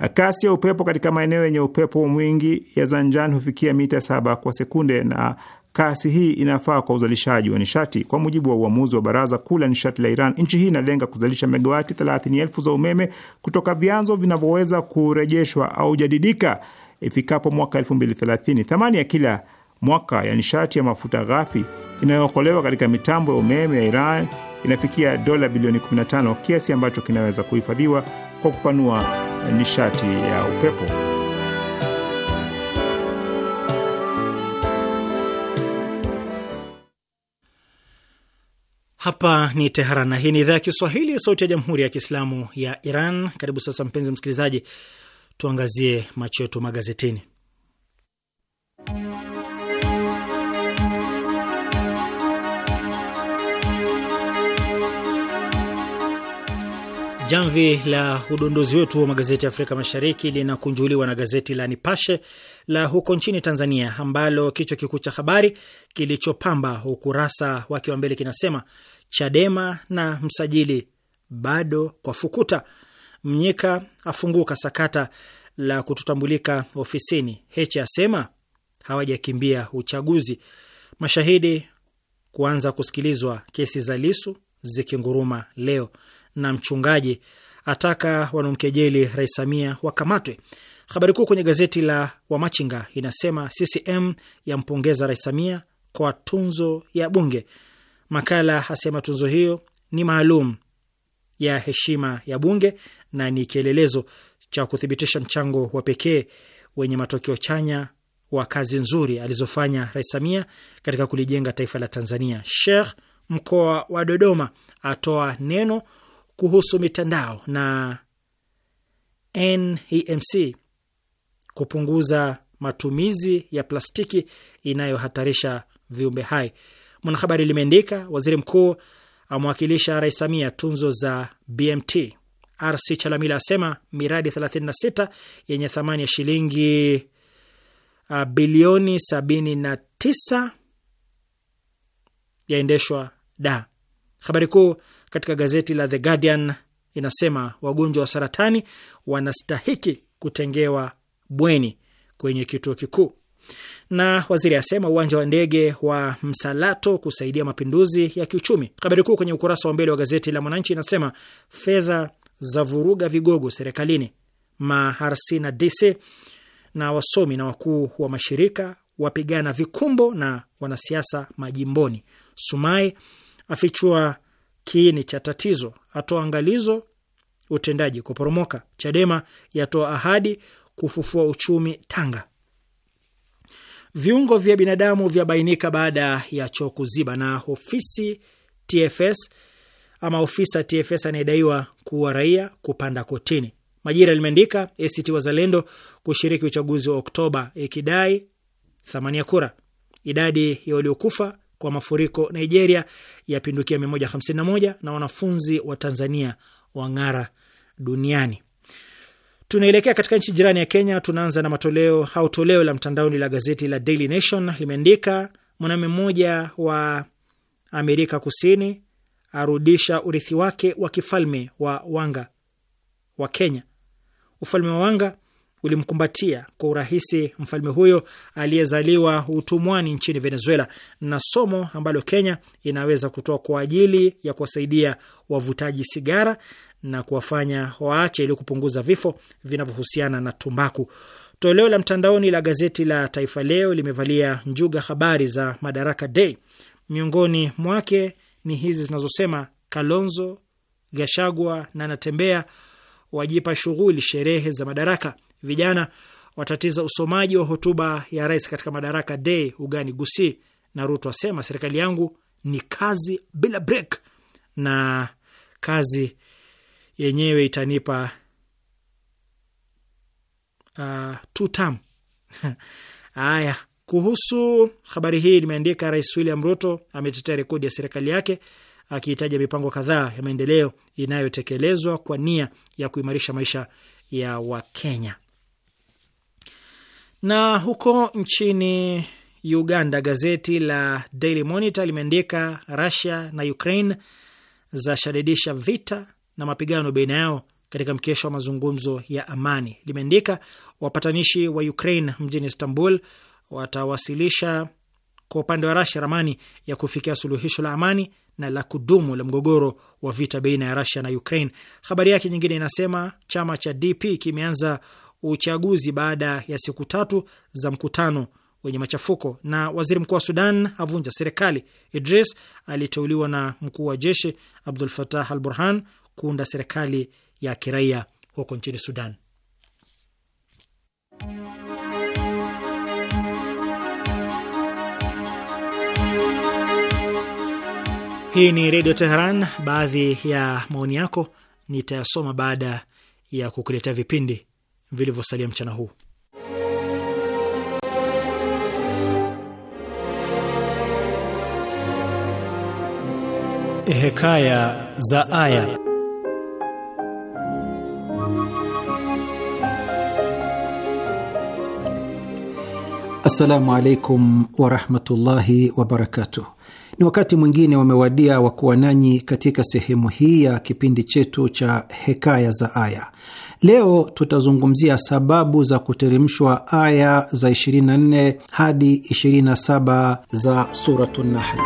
Uh, kasi ya upepo katika maeneo yenye upepo mwingi ya Zanjan hufikia mita saba kwa sekunde na kasi hii inafaa kwa uzalishaji wa nishati. Kwa mujibu wa uamuzi wa Baraza Kuu la Nishati la Iran, nchi hii inalenga kuzalisha megawati 30,000 za umeme kutoka vyanzo vinavyoweza kurejeshwa au jadidika ifikapo mwaka 2030. Thamani ya kila mwaka ya nishati ya mafuta ghafi inayookolewa katika mitambo ya umeme ya Iran inafikia dola bilioni 15, kiasi ambacho kinaweza kuhifadhiwa kwa kupanua nishati ya upepo. Hapa ni Teheran na hii ni idhaa ya Kiswahili, sauti ya jamhuri ya kiislamu ya Iran. Karibu sasa, mpenzi msikilizaji, tuangazie macho yetu magazetini. Jamvi la udondozi wetu wa magazeti ya Afrika Mashariki linakunjuliwa na gazeti la Nipashe la huko nchini Tanzania, ambalo kichwa kikuu cha habari kilichopamba ukurasa wake wa mbele kinasema Chadema na msajili bado kwa fukuta, Mnyika afunguka sakata la kututambulika ofisini, Heche asema hawajakimbia uchaguzi, mashahidi kuanza kusikilizwa kesi za Lisu zikinguruma leo, na mchungaji ataka wanaomkejeli Rais Samia wakamatwe. Habari kuu kwenye gazeti la Wamachinga inasema CCM yampongeza Rais Samia kwa tunzo ya Bunge. Makala asema tunzo hiyo ni maalum ya heshima ya Bunge na ni kielelezo cha kuthibitisha mchango wa pekee wenye matokeo chanya wa kazi nzuri alizofanya Rais Samia katika kulijenga taifa la Tanzania. Sheikh mkoa wa Dodoma atoa neno kuhusu mitandao na NEMC kupunguza matumizi ya plastiki inayohatarisha viumbe hai. Mwanahabari limeandika waziri mkuu amwakilisha Rais Samia tunzo za BMT. RC Chalamila asema miradi 36 yenye thamani ya shilingi uh, bilioni 79 yaendeshwa da. Habari kuu katika gazeti la The Guardian inasema wagonjwa wa saratani wanastahiki kutengewa bweni kwenye kituo kikuu. Na waziri asema uwanja wa ndege wa Msalato kusaidia mapinduzi ya kiuchumi. Habari kuu kwenye ukurasa wa mbele wa gazeti la Mwananchi inasema fedha za vuruga vigogo serikalini, maharsi na DC na wasomi na wakuu wa mashirika wapigana vikumbo na wanasiasa majimboni. Sumai afichua kiini cha tatizo, atoa angalizo utendaji kuporomoka. Chadema yatoa ahadi kufufua uchumi Tanga. Viungo vya binadamu vyabainika baada ya choo kuziba, na ofisi TFS ama ofisa TFS anayedaiwa kuwa raia kupanda kotini. Majira limeandika ACT Wazalendo kushiriki uchaguzi wa Oktoba ikidai thamani ya kura. Idadi ya waliokufa kwa mafuriko Nigeria yapindukia 151 na wanafunzi wa Tanzania wang'ara duniani. Tunaelekea katika nchi jirani ya Kenya. Tunaanza na matoleo au toleo la mtandaoni la gazeti la Daily Nation. Limeandika mwanaume mmoja wa Amerika Kusini arudisha urithi wake wa kifalme wa Wanga wa Kenya. Ufalme wa Wanga ulimkumbatia kwa urahisi mfalme huyo aliyezaliwa utumwani nchini Venezuela, na somo ambalo Kenya inaweza kutoa kwa ajili ya kuwasaidia wavutaji sigara na kuwafanya waache ili kupunguza vifo vinavyohusiana na tumbaku. Toleo la mtandaoni la gazeti la Taifa Leo limevalia njuga habari za Madaraka Day. Miongoni mwake ni hizi zinazosema Kalonzo, Gashagwa na Natembea wajipa shughuli sherehe za madaraka, vijana watatiza usomaji wa hotuba ya rais katika Madaraka Day ugani Gusii, na Ruto asema serikali yangu ni kazi bila break, na kazi yenyewe itanipa uh, tutam haya. Kuhusu habari hii limeandika, Rais William Ruto ametetea rekodi ya serikali yake akihitaja mipango kadhaa ya maendeleo inayotekelezwa kwa nia ya kuimarisha maisha ya Wakenya. Na huko nchini Uganda, gazeti la Daily Monitor limeandika Russia na Ukraine zashadidisha vita na mapigano baina yao katika mkesha wa mazungumzo ya amani. Limeandika wapatanishi wa Ukraine mjini Istanbul watawasilisha kwa upande wa Rasia ramani ya kufikia suluhisho la amani na la kudumu la mgogoro wa vita baina ya Rasia na Ukraine. Habari yake nyingine inasema chama cha DP kimeanza uchaguzi baada ya siku tatu za mkutano wenye machafuko, na waziri mkuu wa Sudan avunja serikali. Idris aliteuliwa na mkuu wa jeshi Abdul Fatah al Burhan kuunda serikali ya kiraia huko nchini Sudan. Hii ni Redio Teheran. Baadhi ya maoni yako nitayasoma baada ya kukuletea vipindi vilivyosalia mchana huu. Hekaya za Aya. Assalamu alaikum warahmatullahi wabarakatuh. Ni wakati mwingine wamewadia wa kuwa nanyi katika sehemu hii ya kipindi chetu cha Hekaya za Aya. Leo tutazungumzia sababu za kuteremshwa aya za 24 hadi 27 za Suratu Nahli.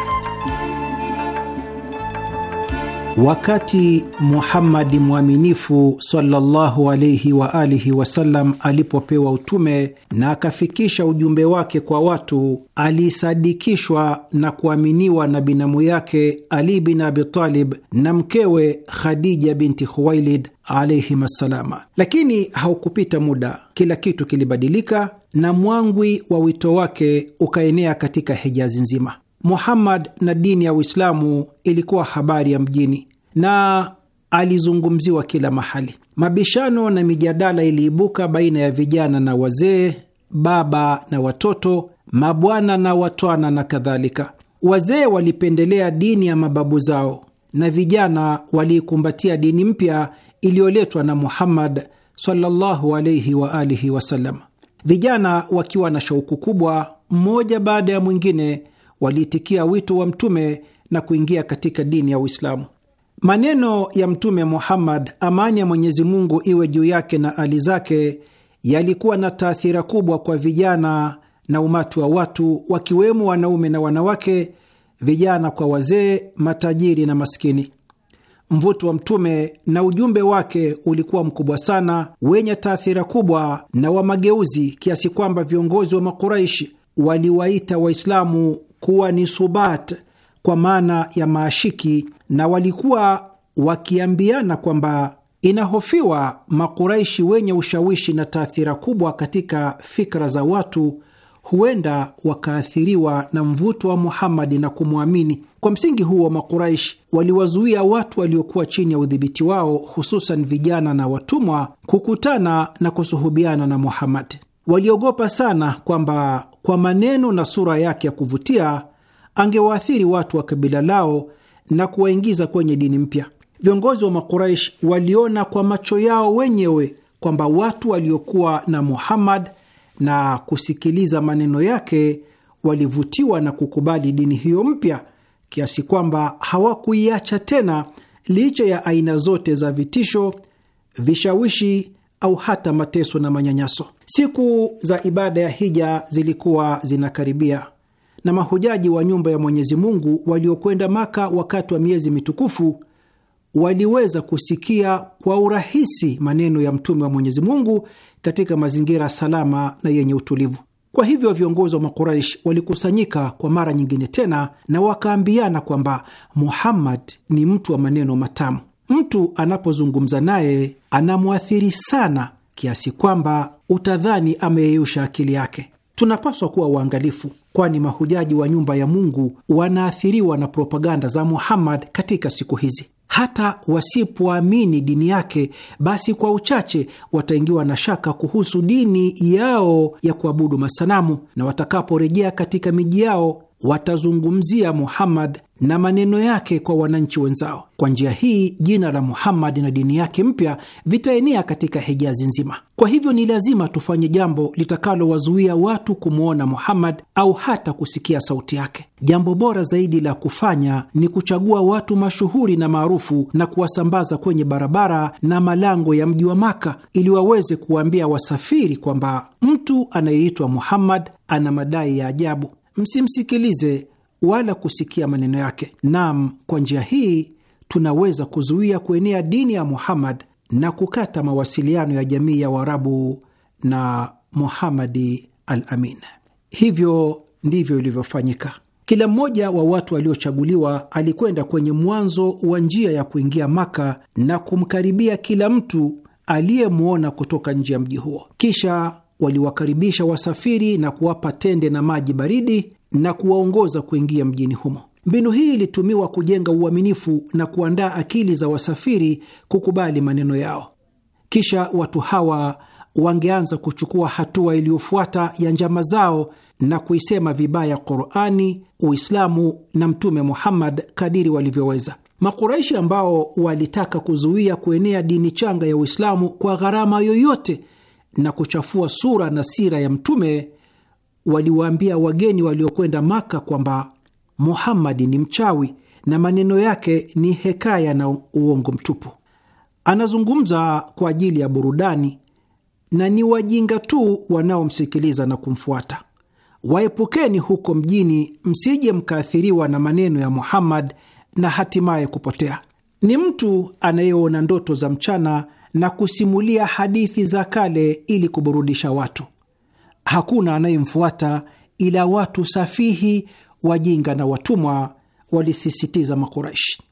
Wakati Muhammadi mwaminifu sallallahu alaihi wa alihi wasallam alipopewa utume na akafikisha ujumbe wake kwa watu, alisadikishwa na kuaminiwa na binamu yake Ali bin Abitalib na mkewe Khadija binti Khuwailid alaihim assalama. Lakini haukupita muda, kila kitu kilibadilika na mwangwi wa wito wake ukaenea katika Hijazi nzima. Muhammad na dini ya Uislamu ilikuwa habari ya mjini na alizungumziwa kila mahali. Mabishano na mijadala iliibuka baina ya vijana na wazee, baba na watoto, mabwana na watwana na kadhalika. Wazee walipendelea dini ya mababu zao na vijana waliikumbatia dini mpya iliyoletwa na Muhammad sallallahu alayhi wa alihi wasallam. Vijana wakiwa na shauku kubwa, mmoja baada ya mwingine waliitikia wito wa Mtume na kuingia katika dini ya Uislamu. Maneno ya Mtume Muhammad, amani ya Mwenyezi Mungu iwe juu yake na ali zake, yalikuwa na taathira kubwa kwa vijana na umati wa watu, wakiwemo wanaume na wanawake, vijana kwa wazee, matajiri na maskini. Mvuto wa Mtume na ujumbe wake ulikuwa mkubwa sana, wenye taathira kubwa na wa mageuzi, kiasi kwamba viongozi wa Makuraishi waliwaita Waislamu kuwa ni subat kwa maana ya maashiki, na walikuwa wakiambiana kwamba inahofiwa Makuraishi wenye ushawishi na taathira kubwa katika fikra za watu huenda wakaathiriwa na mvuto wa Muhamadi na kumwamini. Kwa msingi huo, Makuraish waliwazuia watu waliokuwa chini ya udhibiti wao, hususan vijana na watumwa, kukutana na kusuhubiana na Muhamadi. Waliogopa sana kwamba kwa maneno na sura yake ya kuvutia angewaathiri watu wa kabila lao na kuwaingiza kwenye dini mpya. Viongozi wa Makuraish waliona kwa macho yao wenyewe kwamba watu waliokuwa na Muhammad na kusikiliza maneno yake walivutiwa na kukubali dini hiyo mpya kiasi kwamba hawakuiacha tena licha ya aina zote za vitisho, vishawishi au hata mateso na manyanyaso. Siku za ibada ya hija zilikuwa zinakaribia na mahujaji wa nyumba ya Mwenyezi Mungu waliokwenda Maka wakati wa miezi mitukufu waliweza kusikia kwa urahisi maneno ya Mtume wa Mwenyezi Mungu katika mazingira salama na yenye utulivu. Kwa hivyo viongozi wa Makuraish walikusanyika kwa mara nyingine tena na wakaambiana kwamba Muhammad ni mtu wa maneno matamu mtu anapozungumza naye anamwathiri sana kiasi kwamba utadhani ameyeyusha akili yake. Tunapaswa kuwa uangalifu kwani mahujaji wa nyumba ya Mungu wanaathiriwa na propaganda za Muhammad katika siku hizi. Hata wasipoamini dini yake, basi kwa uchache wataingiwa na shaka kuhusu dini yao ya kuabudu masanamu, na watakaporejea katika miji yao watazungumzia Muhammad na maneno yake kwa wananchi wenzao. Kwa njia hii jina la Muhammad na dini yake mpya vitaenea katika Hijazi nzima. Kwa hivyo ni lazima tufanye jambo litakalowazuia watu kumwona Muhammad au hata kusikia sauti yake. Jambo bora zaidi la kufanya ni kuchagua watu mashuhuri na maarufu na kuwasambaza kwenye barabara na malango ya mji wa Maka ili waweze kuwaambia wasafiri kwamba mtu anayeitwa Muhammad ana madai ya ajabu msimsikilize wala kusikia maneno yake. Naam, kwa njia hii tunaweza kuzuia kuenea dini ya Muhammad na kukata mawasiliano ya jamii ya Waarabu na Muhamadi al Amin. Hivyo ndivyo ilivyofanyika. Kila mmoja wa watu waliochaguliwa alikwenda kwenye mwanzo wa njia ya kuingia Maka na kumkaribia kila mtu aliyemwona kutoka nje ya mji huo. Kisha waliwakaribisha wasafiri na kuwapa tende na maji baridi na kuwaongoza kuingia mjini humo. Mbinu hii ilitumiwa kujenga uaminifu na kuandaa akili za wasafiri kukubali maneno yao. Kisha watu hawa wangeanza kuchukua hatua iliyofuata ya njama zao na kuisema vibaya Qurani, Uislamu na Mtume Muhammad kadiri walivyoweza. Makuraishi ambao walitaka kuzuia kuenea dini changa ya Uislamu kwa gharama yoyote na kuchafua sura na sira ya Mtume, waliwaambia wageni waliokwenda Maka kwamba Muhammadi ni mchawi na maneno yake ni hekaya na uongo mtupu, anazungumza kwa ajili ya burudani na ni wajinga tu wanaomsikiliza na kumfuata. Waepukeni huko mjini, msije mkaathiriwa na maneno ya Muhammad na hatimaye kupotea. Ni mtu anayeona ndoto za mchana na kusimulia hadithi za kale ili kuburudisha watu. Hakuna anayemfuata ila watu safihi, wajinga na watumwa, walisisitiza Makuraishi.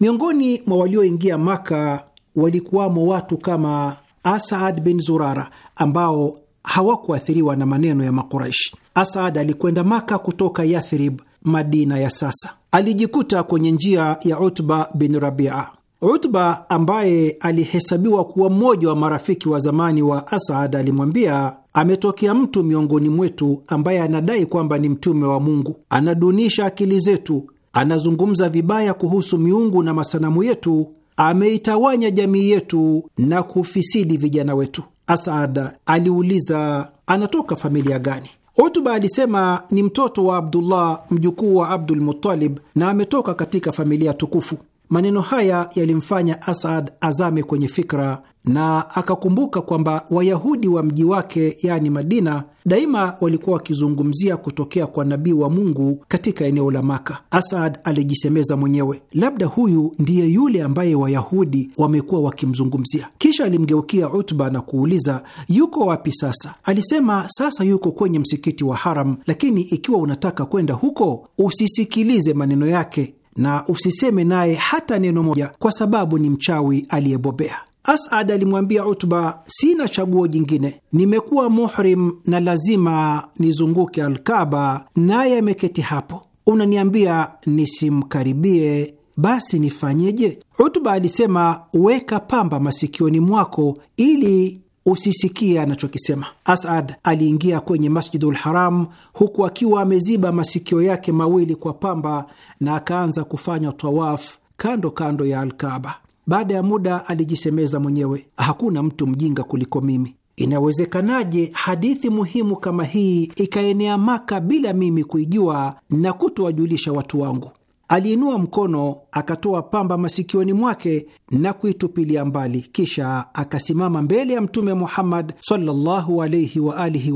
Miongoni mwa walioingia Maka walikuwamo watu kama Asad bin Zurara ambao hawakuathiriwa na maneno ya Makuraishi. Asad alikwenda Maka kutoka Yathrib, Madina ya sasa. Alijikuta kwenye njia ya Utba bin Rabia. Utba ambaye alihesabiwa kuwa mmoja wa marafiki wa zamani wa Asad alimwambia, ametokea mtu miongoni mwetu ambaye anadai kwamba ni mtume wa Mungu, anadunisha akili zetu, anazungumza vibaya kuhusu miungu na masanamu yetu, ameitawanya jamii yetu na kufisidi vijana wetu. Asad aliuliza, anatoka familia gani? Utuba alisema ni mtoto wa Abdullah, mjukuu wa Abdul Muttalib, na ametoka katika familia tukufu. Maneno haya yalimfanya Asad azame kwenye fikra na akakumbuka kwamba Wayahudi wa mji wake yaani Madina daima walikuwa wakizungumzia kutokea kwa nabii wa Mungu katika eneo la Maka. Asad alijisemeza mwenyewe, labda huyu ndiye yule ambaye Wayahudi wamekuwa wakimzungumzia. Kisha alimgeukia Utba na kuuliza, yuko wapi sasa? Alisema, sasa yuko kwenye msikiti wa Haram, lakini ikiwa unataka kwenda huko usisikilize maneno yake, na usiseme naye hata neno moja, kwa sababu ni mchawi aliyebobea. Asad alimwambia Utba, sina chaguo jingine, nimekuwa muhrim na lazima nizunguke Alkaba, naye ameketi hapo. Unaniambia nisimkaribie, basi nifanyeje? Utba alisema, weka pamba masikioni mwako ili usisikie anachokisema. Asad aliingia kwenye Masjidul Haram huku akiwa ameziba masikio yake mawili kwa pamba na akaanza kufanya tawaf kando kando ya Alkaba. Baada ya muda alijisemeza mwenyewe, hakuna mtu mjinga kuliko mimi. Inawezekanaje hadithi muhimu kama hii ikaenea Maka bila mimi kuijua na kutowajulisha watu wangu? Aliinua mkono akatoa pamba masikioni mwake na kuitupilia mbali, kisha akasimama mbele ya Mtume Muhammad sallallahu wa alihi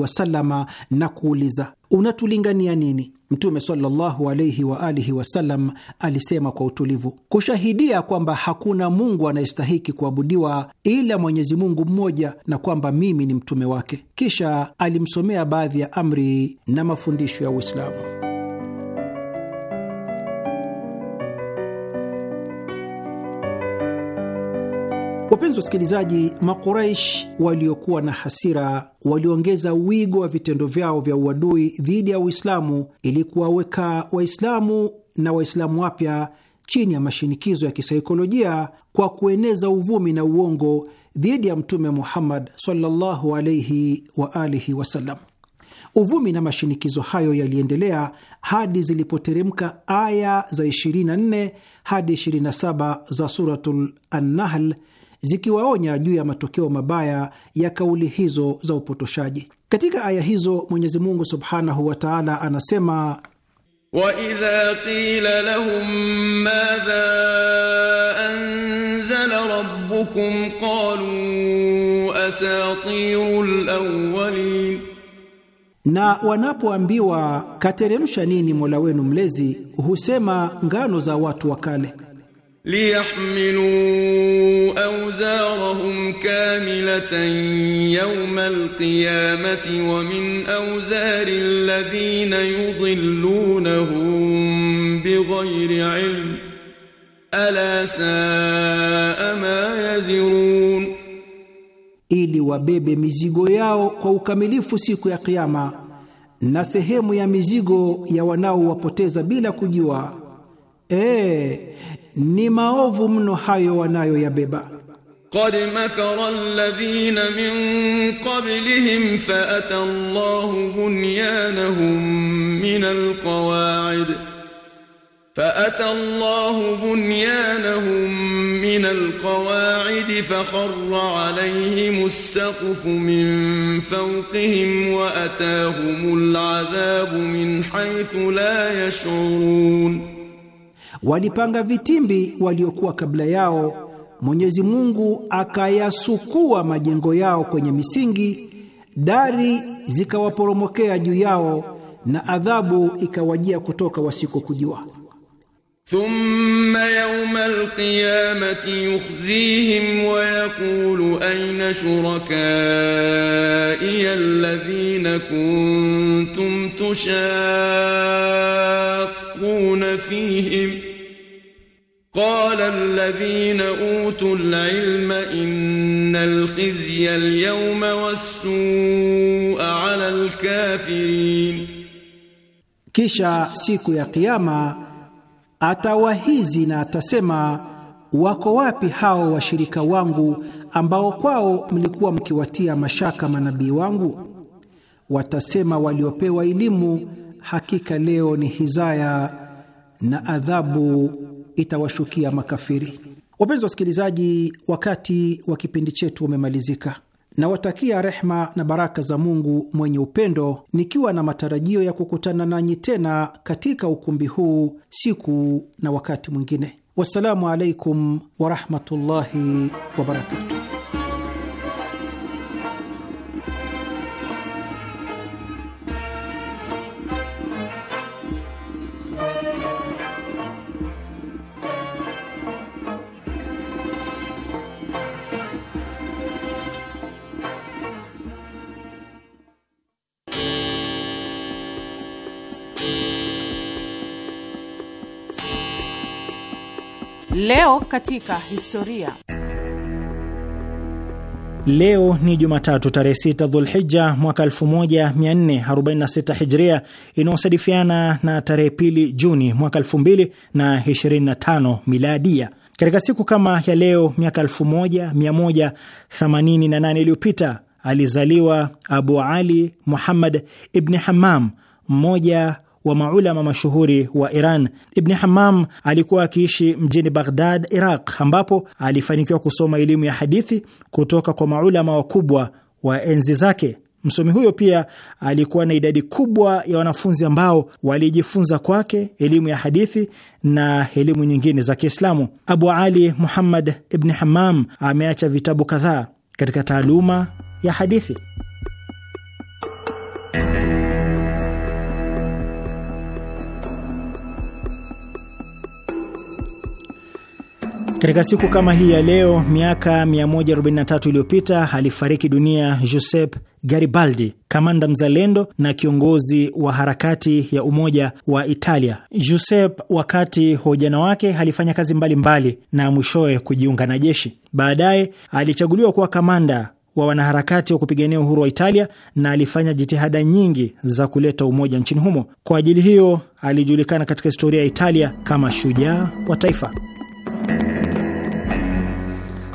na kuuliza, unatulingania nini? Mtume sallallahu wa alihi wasallam alisema kwa utulivu, kushahidia kwamba hakuna Mungu anayestahiki kuabudiwa ila Mwenyezi Mungu mmoja na kwamba mimi ni mtume wake. Kisha alimsomea baadhi ya amri na mafundisho ya Uislamu. Wapenzi wasikilizaji, Makuraish waliokuwa na hasira waliongeza wigo wa vitendo vyao vya uadui dhidi ya Uislamu ili kuwaweka Waislamu na Waislamu wapya chini ya mashinikizo ya kisaikolojia kwa kueneza uvumi na uongo dhidi ya Mtume Muhammad sallallahu alaihi wa alihi wasallam. Uvumi na mashinikizo hayo yaliendelea hadi zilipoteremka aya za 24 hadi 27 za Suratul Annahl zikiwaonya juu ya matokeo mabaya ya kauli hizo za upotoshaji. Katika aya hizo Mwenyezi Mungu subhanahu wa taala anasema waidha qila lahum madha anzala rabbukum qalu asatirul awwalin, na wanapoambiwa kateremsha nini mola wenu mlezi husema ngano za watu wa kale ليحملوا أوزارهم كاملة يوم القيامة ومن أوزار الذين يضلونهم بغير علم ألا ساء ما يزرون ili wabebe mizigo yao kwa ukamilifu siku ya Kiyama na sehemu ya mizigo ya wanaowapoteza bila kujua. E, ni maovu mno hayo wanayoyabeba. قد مكر الذين من قبلهم فأتى الله بنيانهم من القواعد فأتى الله بنيانهم من القواعد فخر عليهم السقف من فوقهم وأتاهم العذاب من حيث لا يشعرون Walipanga vitimbi waliokuwa kabla yao, Mwenyezi Mungu akayasukua majengo yao kwenye misingi, dari zikawaporomokea juu yao, na adhabu ikawajia kutoka wasikokujua. Thumma yawma alqiyamati yukhzihim wa yaqulu ayna shurakai alladhina kuntum tushaqquna fihim قال الذين اوتوا العلم ان الخزي اليوم والسوء على الكافرين Kisha siku ya قياما atawahizi na atasema, wako wapi hao washirika wangu ambao kwao mlikuwa mkiwatia mashaka manabii wangu? Watasema waliopewa elimu, hakika leo ni hizaya na adhabu itawashukia makafiri. Wapenzi wasikilizaji, wakati wa kipindi chetu umemalizika. Nawatakia rehma na baraka za Mungu mwenye upendo, nikiwa na matarajio ya kukutana nanyi tena katika ukumbi huu siku na wakati mwingine. Wassalamu alaikum warahmatullahi wabarakatuh. Leo katika historia. Leo ni Jumatatu tarehe sita Dhulhija mwaka 1446 Hijria, inayosadifiana na tarehe pili Juni mwaka 2025 Miladia. Katika siku kama ya leo miaka 1188 iliyopita alizaliwa Abu Ali Muhammad Ibni Hammam, mmoja wa maulama mashuhuri wa Iran. Ibni hamam alikuwa akiishi mjini Baghdad, Iraq, ambapo alifanikiwa kusoma elimu ya hadithi kutoka kwa maulama wakubwa wa enzi zake. Msomi huyo pia alikuwa na idadi kubwa ya wanafunzi ambao walijifunza kwake elimu ya hadithi na elimu nyingine za Kiislamu. Abu Ali Muhammad Ibni hamam ameacha vitabu kadhaa katika taaluma ya hadithi. Katika siku kama hii ya leo miaka 143 iliyopita alifariki dunia Giuseppe Garibaldi, kamanda mzalendo na kiongozi wa harakati ya umoja wa Italia. Giuseppe, wakati wa ujana wake, alifanya kazi mbalimbali mbali na mwishowe kujiunga na jeshi. Baadaye alichaguliwa kuwa kamanda wa wanaharakati wa kupigania uhuru wa Italia na alifanya jitihada nyingi za kuleta umoja nchini humo. Kwa ajili hiyo alijulikana katika historia ya Italia kama shujaa wa taifa.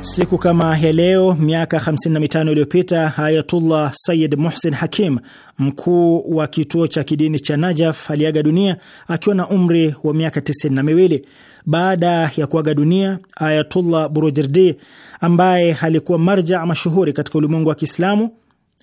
Siku kama ya leo miaka 55 iliyopita Ayatullah sayid Muhsin Hakim, mkuu wa kituo cha kidini cha Najaf, aliaga dunia akiwa na umri wa miaka 92. Baada ya kuaga dunia Ayatullah Burujirdi, ambaye alikuwa marja mashuhuri katika ulimwengu wa Kiislamu,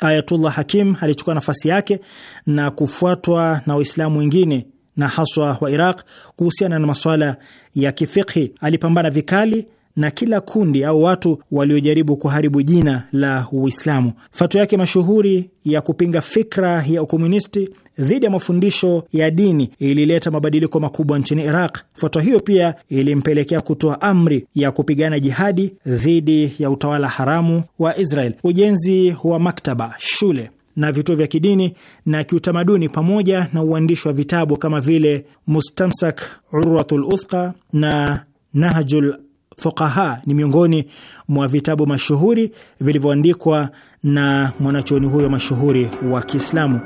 Ayatullah Hakim alichukua nafasi yake na kufuatwa na Waislamu wengine na haswa wa Iraq kuhusiana na masuala ya kifikhi. Alipambana vikali na kila kundi au watu waliojaribu kuharibu jina la Uislamu. Fatwa yake mashuhuri ya kupinga fikra ya ukomunisti dhidi ya mafundisho ya dini ilileta mabadiliko makubwa nchini Iraq. Fatwa hiyo pia ilimpelekea kutoa amri ya kupigana jihadi dhidi ya utawala haramu wa Israel. Ujenzi wa maktaba, shule na vituo vya kidini na kiutamaduni pamoja na uandishi wa vitabu kama vile Mustamsak Urwatul Uthqa na Nahjul Fuqaha ni miongoni mwa vitabu mashuhuri vilivyoandikwa na mwanachuoni huyo mashuhuri wa Kiislamu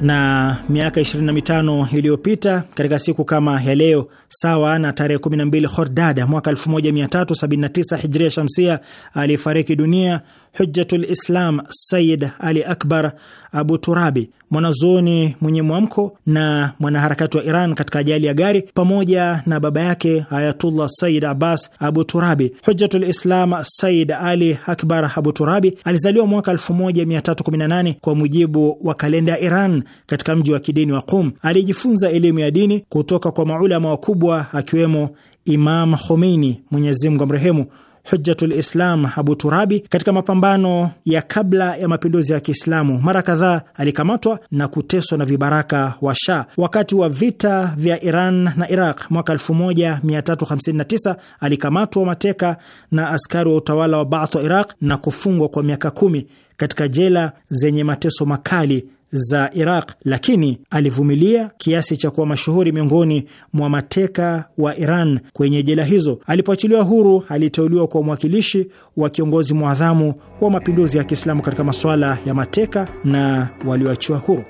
na miaka 25 iliyopita katika siku kama ya leo, sawa na tarehe 12 Khordada mwaka 1379 Hijria Shamsia, alifariki dunia Hujjatul Islam Sayyid Ali Akbar Abu Turabi, mwanazuoni mwenye mwamko na mwanaharakati wa Iran katika ajali ya gari, pamoja na baba yake Ayatullah Sayyid Abbas Abu Turabi. Hujjatul Islam Sayyid Ali Akbar Abu Turabi alizaliwa mwaka 1318 kwa mujibu wa kalenda ya Iran katika mji wa kidini wa Qum. Alijifunza elimu ya dini kutoka kwa maulama wakubwa akiwemo Imam Khomeini, Mwenyezi Mungu amrehemu, Hujjatul Islam Abu Turabi. Katika mapambano ya kabla ya mapinduzi ya Kiislamu, mara kadhaa alikamatwa na kuteswa na vibaraka wa Shah. Wakati wa vita vya Iran na Iraq mwaka 1359 alikamatwa mateka na askari wa utawala wa Baath wa Iraq na kufungwa kwa miaka kumi katika jela zenye mateso makali za Iraq, lakini alivumilia kiasi cha kuwa mashuhuri miongoni mwa mateka wa Iran kwenye jela hizo. Alipoachiliwa huru, aliteuliwa kwa mwakilishi wa kiongozi mwadhamu wa mapinduzi ya Kiislamu katika masuala ya mateka na walioachiwa huru.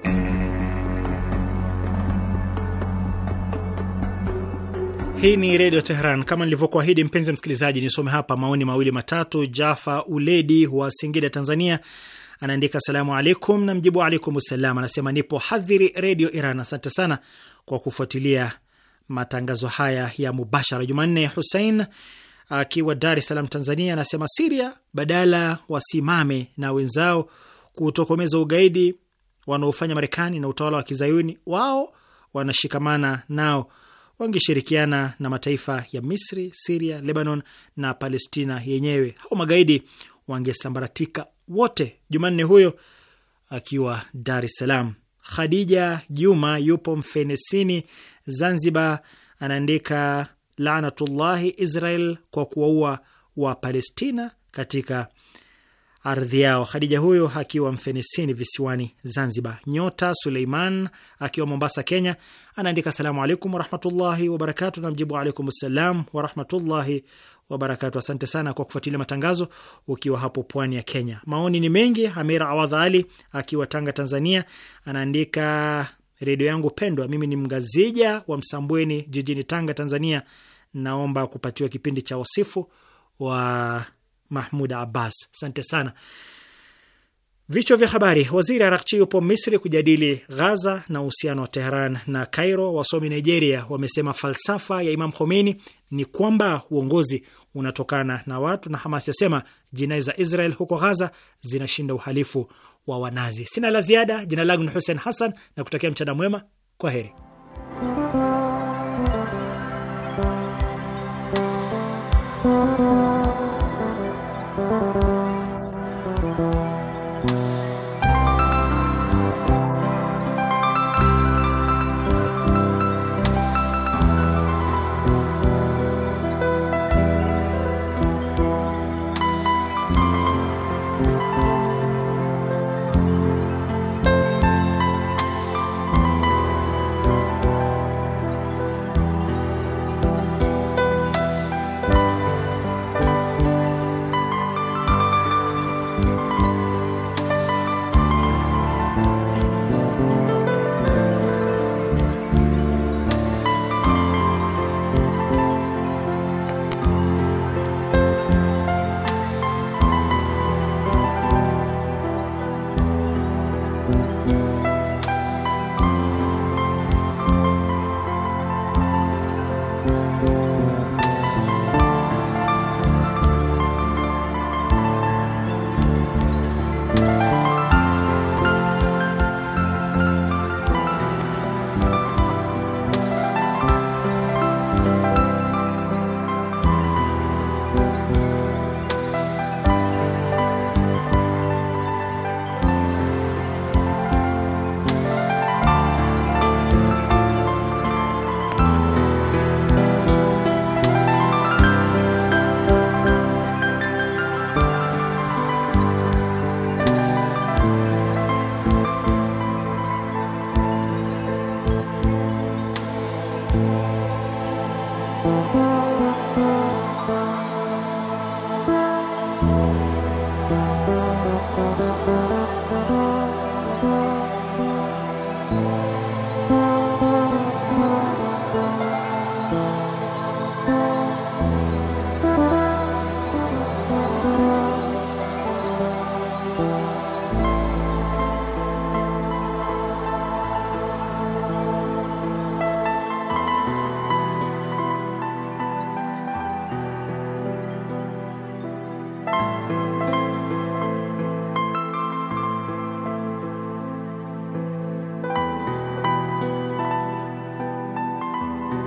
Hii ni Redio Teheran. Kama nilivyokuahidi, mpenzi msikilizaji, nisome hapa maoni mawili matatu. Jafa Uledi wa Singida, Tanzania, anaandika salamu alaikum, na mjibu alaikum salam. Anasema nipo hadhiri redio Iran. Asante sana kwa kufuatilia matangazo haya ya mubashara. Jumanne Husein akiwa Dar es Salaam, Tanzania, anasema Siria badala wasimame na wenzao kutokomeza ugaidi wanaofanya Marekani na utawala wa Kizayuni, wao wanashikamana nao wangeshirikiana na mataifa ya Misri, Siria, Lebanon na Palestina yenyewe. Hao magaidi wangesambaratika wote. Jumanne huyo akiwa Dar es Salaam. Khadija Juma yupo Mfenesini, Zanzibar, anaandika laanatullahi Israel kwa kuwaua wa Palestina katika ardhi yao. Khadija huyo akiwa Mfenesini visiwani Zanzibar. Nyota Suleiman akiwa Mombasa, Kenya anaandika salamu alaikum warahmatullahi wabarakatu, na mjibu alaikum salam warahmatullahi wabarakatu. Asante sana kwa kufuatilia matangazo ukiwa hapo pwani ya Kenya. Maoni ni mengi. Amira Awadha Ali akiwa Tanga, Tanzania, anaandika redio yangu pendwa, mimi ni mgazija wa Msambweni jijini Tanga, Tanzania. Naomba kupatiwa kipindi cha wasifu wa Mahmud Abbas. Asante sana. Vichwa vya habari: waziri Arakchi yupo Misri kujadili Ghaza na uhusiano wa Teheran na Kairo. Wasomi Nigeria wamesema falsafa ya Imam Khomeini ni kwamba uongozi unatokana na watu, na Hamas yasema jinai za Israel huko Ghaza zinashinda uhalifu wa Wanazi. Sina la ziada. Jina langu ni Hussein Hassan na kutakia mchana mwema. Kwa heri.